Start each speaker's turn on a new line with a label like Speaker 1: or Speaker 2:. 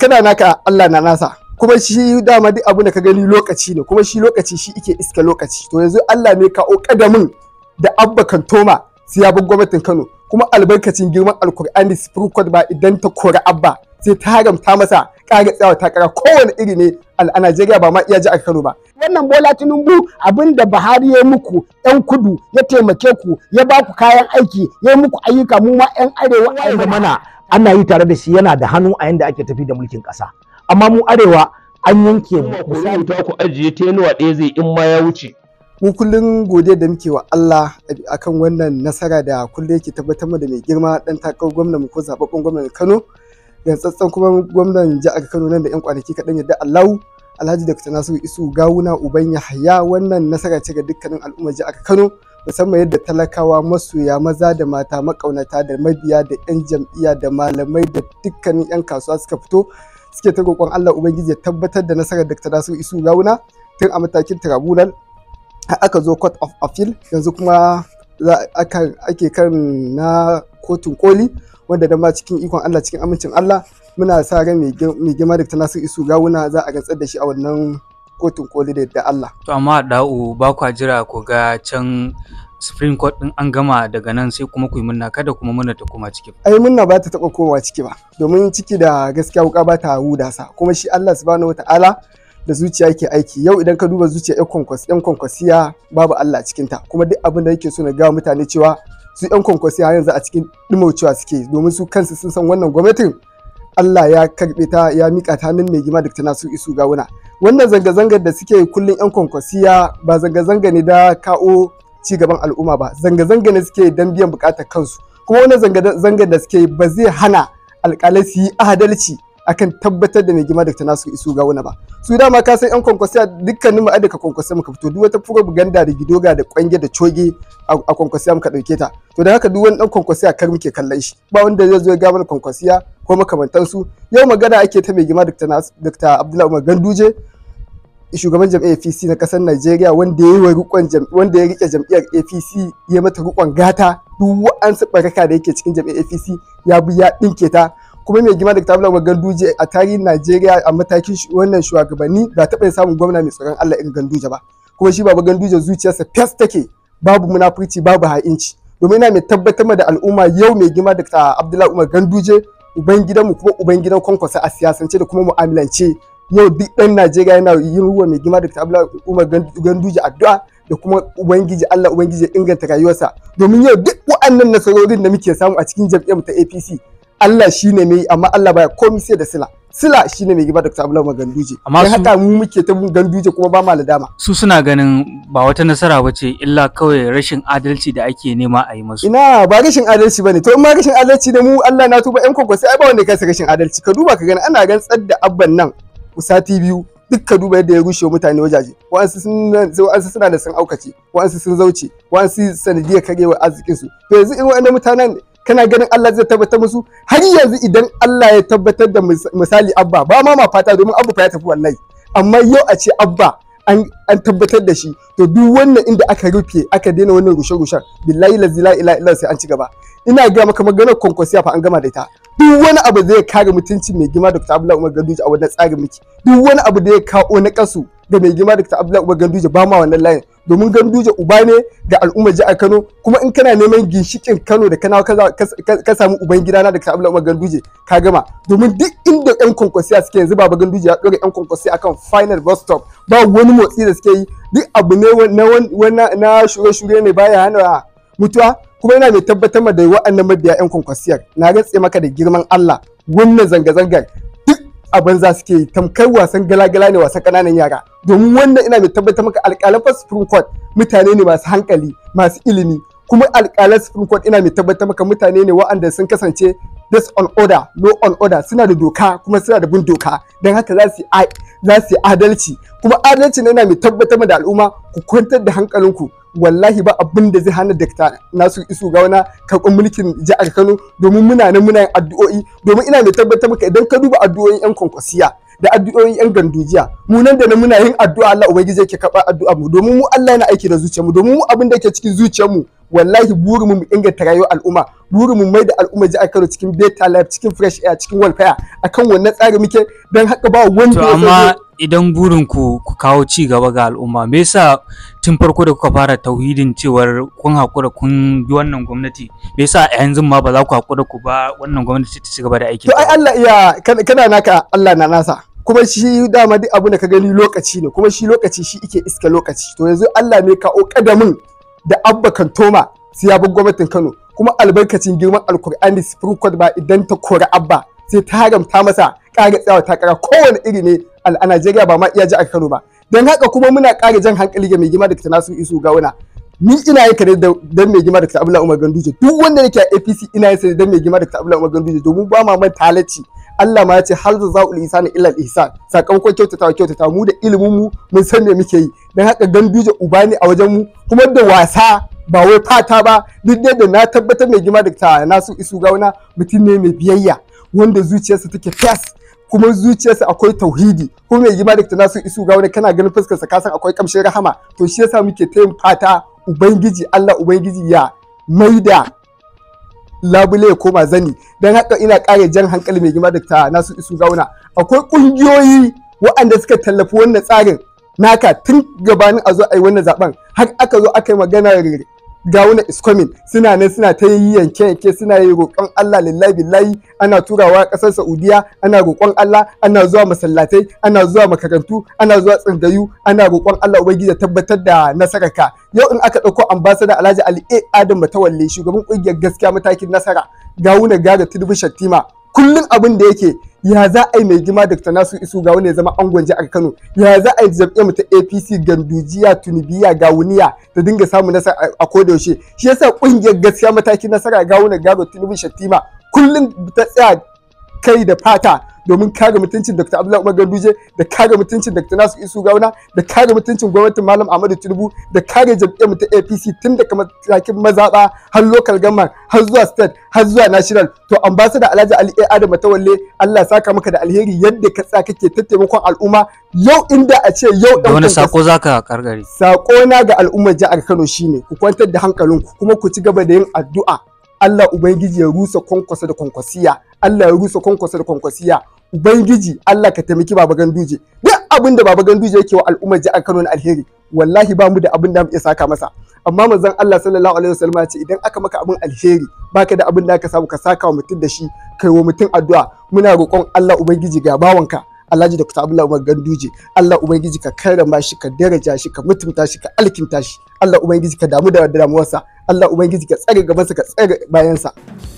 Speaker 1: kana naka Allah na nasa kuma shi dama duk abin da ka gani lokaci ne kuma shi lokaci shi yake iska lokaci to yanzu Allah ne ka kadamin da abba kantoma sai ya bin gwamnatin Kano kuma albarkacin girman alkur'ani supreme court ba idan ta kori abba sai ta haramta masa ƙara tsawa ta ƙara kowane iri ne a Najeriya ba ma iya ji a Kano ba. Wannan Bola Tinubu abin da Buhari ya muku 'yan kudu ya taimake ku ya ba ku kayan aiki ya muku ayyuka mu ma 'yan arewa. Wai mana ana yi tare da shi yana da hannu a yanda ake tafi da mulkin ƙasa amma mu arewa an yanke mu misali ta ku ajiye tenuwa ɗaya zai in ma ya wuce mu kullun godiya da muke wa Allah akan wannan nasara da kullum yake tabbatar da mai girma dan takar gwamnati ko zababben gwamnati Kano tsatsan kuma gwamnan jihar Kano nan da yan kwanaki kaɗan yadda Allah Alhaji Dr. Nasiru Isu Gawuna Uban Yahaya wannan nasara ce ga dukkanin al'ummar jihar Kano musamman yadda talakawa masoya maza da mata makaunata da mabiya da 'yan jam'iyya da malamai da dukkanin 'yan kasuwa suka fito suke ta roƙon Allah Ubangiji ya tabbatar da nasarar Dr. Nasiru Isu Gawuna, tun a matakin tribunal aka zo court of appeal yanzu kuma za ake kan na kotun koli wanda da ma cikin ikon Allah cikin amincin Allah muna sa ran mai girma Dr. Nasiru Isu Gawuna za a gantsar da shi a wannan kotun koli da yadda Allah. To amma da'u ba kwa jira ku ga can Supreme Court din an gama daga nan sai kuma ku yi munna kada kuma muna ta koma ciki. Ai munna ba ta taba komawa ciki ba domin ciki da gaskiya wuka ba ta huda kuma shi Allah subhanahu wataala da zuciya yake aiki yau idan ka duba zuciya yan kwankwas yan kwankwasiya babu Allah cikin ta kuma duk abin da yake so na ga mutane cewa su yan kwankwasiya yanzu a cikin dumaucewa suke domin su kansu sun san wannan gwamnatin Allah ya karbe ta ya mika ta hannun mai gima da ta nasu isu gawuna. wannan zanga-zangar da suke kullum 'yan kwankwasiya ba zanga-zanga ne da kawo ci gaban al'umma ba zanga-zanga ne suke don biyan bukatar kansu kuma wannan zanga-zangar da suke ba zai hana alkalai su yi adalci akan tabbatar da mai gima Dr. Nasiru Isu ga wani ba su dama ka san yan kwankwasiya dukkanin mu a daga kwankwasiya muka fito duk wata buganda, da gidoga da kwange da coge a kwankwasiya muka dauke ta to da haka duk wani dan kwankwasiya kar muke kallon shi ba wanda zai zo ya ga mana ko makamantan su yau magana ake ta mai gima Dr. Abdullahi Umar Ganduje shugaban jam'iyyar APC na kasar Najeriya wanda ya yi wanda ya rike jam'iyyar APC ya mata rikon gata duk wa'ansu baraka da yake cikin jam'iyyar APC ya bi ya dinke ta kuma mai gima da tabula ganduje a tarihin najeriya a matakin wannan shugabanni ba taɓa samun gwamna mai tsoron allah irin ganduje ba kuma shi baba ganduje zuciyarsa fes take babu munafurci babu ha'inci domin yana mai tabbatar da al'umma yau mai gima da abdullahi umar ganduje uban kuma uban kwankwasa a siyasance da kuma mu'amalance yau duk ɗan Najeriya yana yin ruwa mai gima da Abdullahi Umar Ganduje addu'a da kuma Ubangiji Allah Ubangiji inganta rayuwarsa domin yau duk wa'annan nasarorin da muke samu a cikin jam'iyyar mu ta APC Allah shi ne mai amma Allah baya komai sai da sila sila shi ne mai giba da Dr. Abdullahi Ganduje amma su. haka mu muke ta mun Ganduje kuma ba ma dama su suna ganin ba wata nasara bace illa kawai rashin adalci da ake nema a yi masu. ina ba rashin adalci bane to in ma rashin adalci ne mu Allah na tuba ƴan kokon sai ai ba wanda kai rashin adalci ka duba ka gani ana gan tsar da abban nan sati biyu duk ka duba yadda ya rushe mutane wajaje wa'ansu suna da sun aukace wa'ansu sun zauce wa'ansu sanadiyar arzikin arzikinsu to yanzu in wa'annan mutanen kana ganin Allah zai tabbatar musu har yanzu idan Allah ya tabbatar da misali abba ba ma ma fata domin abba fa ya tafi wallahi amma yau a ce abba an tabbatar da shi to duk wannan inda aka rufe aka daina wannan rushe rushe billahi la ilaha illa sai an ci gaba ina ga maka maganar konkosiya fa an gama da ita duk wani abu zai kare mutunci mai gima Dr. Abdullahi Umar Ganduje a wannan tsarin miki duk wani abu da ya kawo na kasu da mai gima Dr. Abdullahi Umar Ganduje ba ma wannan layin domin ganduje uba ne ga al'ummar jihar Kano kuma in kana neman ginshikin Kano da kana ka samu uban gidana da Abdul Umar Ganduje ka gama domin duk inda yan kwankwasiya suke yanzu baba Ganduje ya ɗora yan kwankwasiya akan final bus stop ba wani motsi da suke yi duk abu ne na na shure-shure ne baya hana mutuwa kuma yana mai tabbatar da wa'annan mabiya yan kwankwasiyar na rantse maka da girman Allah wannan zanga-zangar duk abin za suke yi tamkar wasan gala-gala ne wasan ƙananan yara domin wannan ina mai tabbatar maka alƙalan Supreme Court mutane ne masu hankali masu ilimi kuma alƙalan Supreme Court ina mai tabbatar maka mutane ne waɗanda sun kasance this on order no on order suna da doka kuma suna da bin doka don haka za su yi adalci kuma adalci ne ina mai tabbatar da al'umma ku kwantar da hankalinku wallahi ba abin da zai hana dakta nasu isu gauna karɓar mulkin jihar kano domin muna nan muna yin addu'o'i domin ina mai tabbatar maka idan ka duba addu'o'in yan kwankwasiya da addu'o'in yan gandujiya mu nan da nan muna yin addu'a Allah ubangiji yake kaba addu'a mu domin mu Allah yana aiki da zuciyar mu domin mu abin da yake cikin zuciyar mu wallahi burin mu inganta rayuwar al'umma burin mu mai da al'umma ji akaro cikin beta life cikin fresh air cikin welfare akan wannan tsari muke dan haka ba wanda To amma idan burin ku ku kawo ci gaba ga al'umma me yasa tun farko da kuka fara tauhidin cewar kun hakura kun bi wannan gwamnati me yasa a yanzu ma ba za ku hakura ku ba wannan gwamnati ta ci gaba da aiki to ai Allah iya kana naka Allah na nasa kuma shi dama duk abin da ka gani lokaci ne kuma shi lokaci shi ike iska lokaci to yanzu Allah ne kawo kadamin da abba kantoma sai ya bar gwamnatin Kano kuma albarkacin girman alkur'ani supreme court ba idan ta kori abba sai ta haramta masa ƙara tsawa ta takara kowane iri ne a Najeriya ba ma iya ji a Kano ba don haka kuma muna ƙara jan hankali ga mai gima da Nasiru Isu Gawuna ni ina yin kare dan mai gima da Abdullahi Umar Ganduje duk wanda yake a APC ina yin sa dan mai gima da Abdullahi Umar Ganduje domin ba ma manta halacci Allah ma ya ce hal za'ul ihsani illa al ihsan sakamakon kyautatawa kyautata mu da ilimin mu mun san me muke yi dan haka da uba ne a wajen mu kuma da wasa ba wai fata ba duk dai da na tabbatar mai gima da nasu isu gauna mutum ne mai biyayya wanda zuciyarsa take fas kuma zuciyarsa akwai tauhidi ko mai gima da ta nasu isu gauna kana ganin fuskarsa ka san akwai kamshin rahama to shi yasa muke ta yin fata ubangiji Allah ubangiji ya maida labule ya koma zani don haka ina ƙara jan hankali mai girma dakta nasu isu gauna akwai ƙungiyoyi waɗanda suka tallafi wannan tsarin naka tun gabanin a zo a yi wannan zaɓen, har aka zo aka yi maganar gawuna iskomin suna nan suna ta yi yanke yanke suna yi roƙon Allah lillahi billahi ana turawa ƙasar Saudiya ana roƙon Allah ana zuwa masallatai ana zuwa makarantu ana zuwa tsangayu ana roƙon Allah ubangiji ya tabbatar da nasararka yau in aka ɗauko ambassador Alhaji Ali A Adam Matawalle shugaban ƙungiyar gaskiya matakin nasara gawuna gara tudubin Shattima kullum abin da yake ya za a yi mai gima Dr. Nasu Isu ga wani ya zama gwanje a Kano ya za a yi jam'iyyar mu ta APC Gandujiya Tunubiya Gawuniya ta dinga samu nasara a koda yaushe shi yasa kungiyar gaskiya mataki nasara ga wani Garo Tinubu Shattima kullum ta tsaya kai da fata domin kare mutuncin Dr. Abdullahi Umar Ganduje da kare mutuncin Dr. Nasu Isu Gauna da kare mutuncin gwamnatin Malam Ahmadu Tinubu da kare jam'iyyar mu ta APC tun daga matakin mazaɓa har lokal gama har zuwa state har zuwa national to ambassador Alhaji Ali A ta Tawalle Allah saka maka da alheri yadda ka sa kake ta taimakon al'umma yau inda a ce yau dan wani sako zaka kargare sako na ga al'ummar jihar Kano shine ku kwantar da hankalinku kuma ku ci gaba da yin addu'a Allah Ubangiji ya rusa kwankwasa da kwankwasiya Allah ya rusa kwankwasa da kwankwasiya ubangiji Allah ka taimaki baba ganduje duk abin da baba ganduje yake wa ji jihar Kano na alheri wallahi ba mu da abin da mu iya saka masa amma manzon Allah sallallahu alaihi wasallam ya ce idan aka maka abin alheri baka da abin da ka samu ka saka wa mutum da shi kai wa mutum addu'a muna roƙon Allah ubangiji ga bawanka Alhaji Dr. Abdullahi Umar Ganduje Allah ubangiji ka karrama shi ka daraja shi ka mutunta shi ka alkinta shi Allah ubangiji ka damu da damuwarsa Allah ubangiji ka tsare gabansa ka tsare bayansa